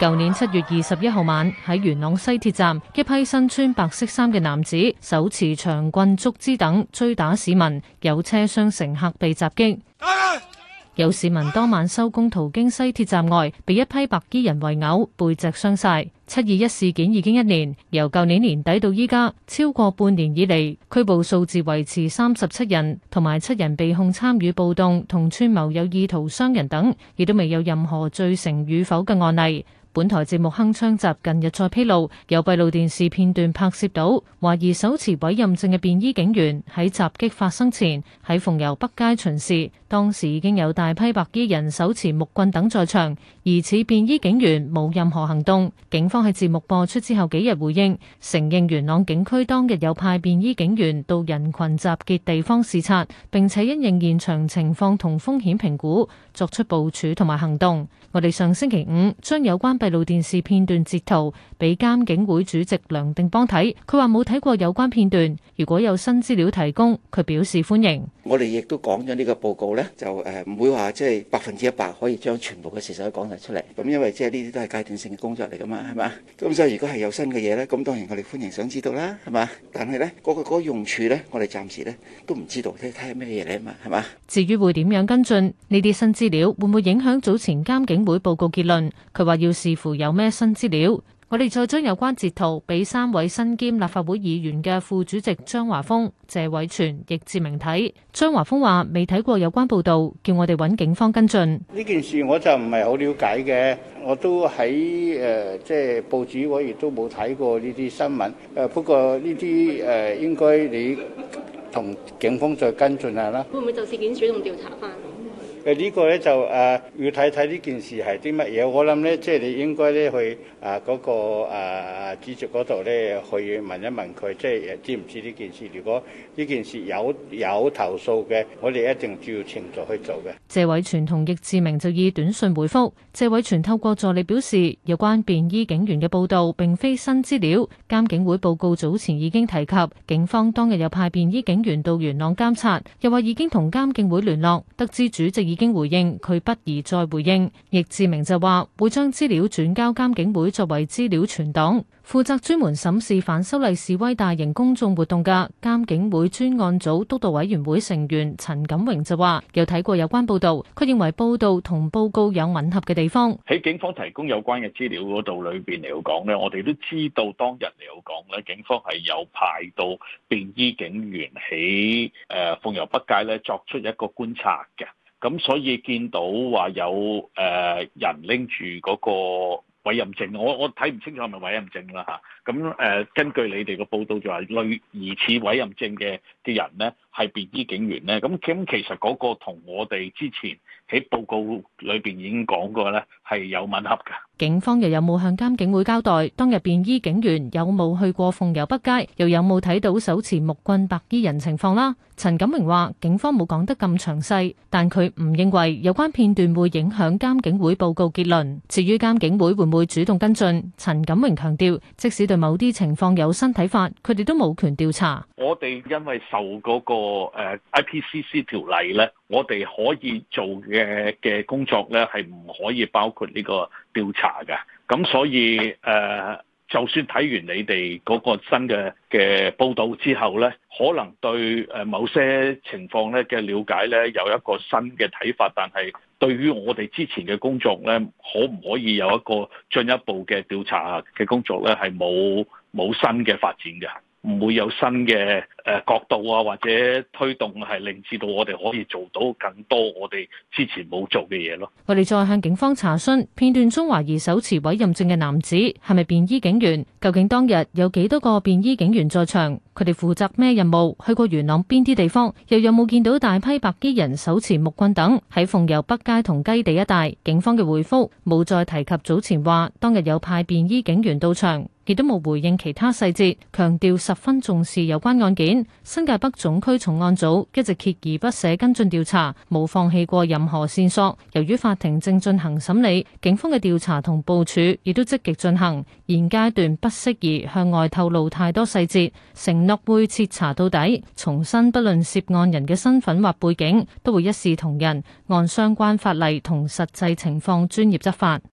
舊年七月二十一號晚，喺元朗西鐵站，一批身穿白色衫嘅男子手持長棍、竹枝等追打市民，有車廂乘客被襲擊。有市民當晚收工途經西鐵站外，被一批白衣人圍毆，背脊傷晒。七二一事件已經一年，由舊年年底到依家超過半年以嚟，拘捕數字維持三十七人，同埋七人被控參與暴動，同串謀有意圖傷人等，亦都未有任何罪成與否嘅案例。本台節目《鏗鏘集》近日再披露，有閉路電視片段拍攝到，懷疑手持委任證嘅便衣警員喺襲擊發生前喺鳳攸北街巡視，當時已經有大批白衣人手持木棍等在場，疑似便衣警員冇任何行動。警方喺節目播出之後幾日回應，承認元朗警區當日有派便衣警員到人群集結地方視察，並且因應現場情況同風險評估作出部署同埋行動。我哋上星期五將有關閉。路電視片段截圖俾監警會主席梁定邦睇，佢話冇睇過有關片段。如果有新資料提供，佢表示歡迎。我哋亦都講咗呢個報告咧，就誒唔會話即係百分之一百可以將全部嘅事實都講晒出嚟。咁因為即係呢啲都係階段性嘅工作嚟噶嘛，係嘛？咁所以如果係有新嘅嘢咧，咁當然我哋歡迎想知道啦，係嘛？但係咧，嗰個嗰個用處咧，我哋暫時咧都唔知道，睇睇係咩嘢嚟啊嘛，係嘛？至於會點樣跟進呢啲新資料，會唔會影響早前監警會報告結論？佢話要先。似乎有咩新資料，我哋再將有關截圖俾三位身兼立法會議員嘅副主席張華峰、謝偉全、易志明睇。張華峰話：未睇過有關報道，叫我哋揾警方跟進。呢件事我就唔係好了解嘅，我都喺誒，即係報紙我亦都冇睇過呢啲新聞。誒，不過呢啲誒，應該你同警方再跟進下啦。會唔會就事件主動調查翻？呢個咧就誒要睇睇呢件事係啲乜嘢？我諗咧即係你應該咧去啊嗰個啊主席嗰度咧去問一問佢，即係知唔知呢件事？如果呢件事有有投訴嘅，我哋一定照程序去做嘅。謝偉全同易志明就以短信回復。謝偉全，透過助理表示，有關便衣警員嘅報道並非新資料，監警會報告早前已經提及，警方當日有派便衣警員到元朗監察，又話已經同監警會聯絡，得知主席。已經回應，佢不宜再回應。易志明就話會將資料轉交監警會作為資料存檔。負責專門審視反修例示威大型公眾活動嘅監警會專案組督導委員會成員陳錦榮就話，有睇過有關報道，佢認為報道同報告有吻合嘅地方。喺警方提供有關嘅資料度裏邊嚟講咧，我哋都知道當日嚟講咧，警方係有派到便衣警員喺誒鳳油北界鳳攸北街咧作出一個觀察嘅。咁所以見到話有誒人拎住嗰個委任證，我我睇唔清楚係咪委任證啦嚇。咁誒、呃、根據你哋嘅報道，就係類疑似委任證嘅嘅人咧。係便衣警員呢，咁咁其實嗰個同我哋之前喺報告裏邊已經講過呢，係有吻合嘅。警方又有冇向監警會交代當日便衣警員有冇去過鳳攸北街，又有冇睇到手持木棍白衣人情況啦？陳錦榮話：警方冇講得咁詳細，但佢唔認為有關片段會影響監警會報告結論。至於監警會會唔會主動跟進？陳錦榮強調，即使對某啲情況有新睇法，佢哋都冇權調查。我哋因為受嗰個。個、啊、IPCC 條例咧，我哋可以做嘅嘅工作咧，係唔可以包括呢個調查嘅。咁所以誒、啊，就算睇完你哋嗰個新嘅嘅報道之後咧，可能對誒某些情況咧嘅了解咧有一個新嘅睇法，但係對於我哋之前嘅工作咧，可唔可以有一個進一步嘅調查嘅工作咧，係冇冇新嘅發展嘅，唔會有新嘅。誒角度啊，或者推動係令至到我哋可以做到更多，我哋之前冇做嘅嘢咯。我哋再向警方查詢片段中懷疑手持委任證嘅男子係咪便衣警員？究竟當日有幾多個便衣警員在場，佢哋負責咩任務去過元朗邊啲地方？又有冇見到大批白衣人手持木棍等喺鳳攸北街同雞地一帶。警方嘅回覆冇再提及早前話當日有派便衣警員到場，亦都冇回應其他細節，強調十分重視有關案件。新界北總區重案組一直鍥而不捨跟進調查，冇放棄過任何線索。由於法庭正進行審理，警方嘅調查同部署亦都積極進行，現階段不適宜向外透露太多細節。承諾會徹查到底，重申不論涉案人嘅身份或背景，都會一視同仁，按相關法例同實際情況專業執法。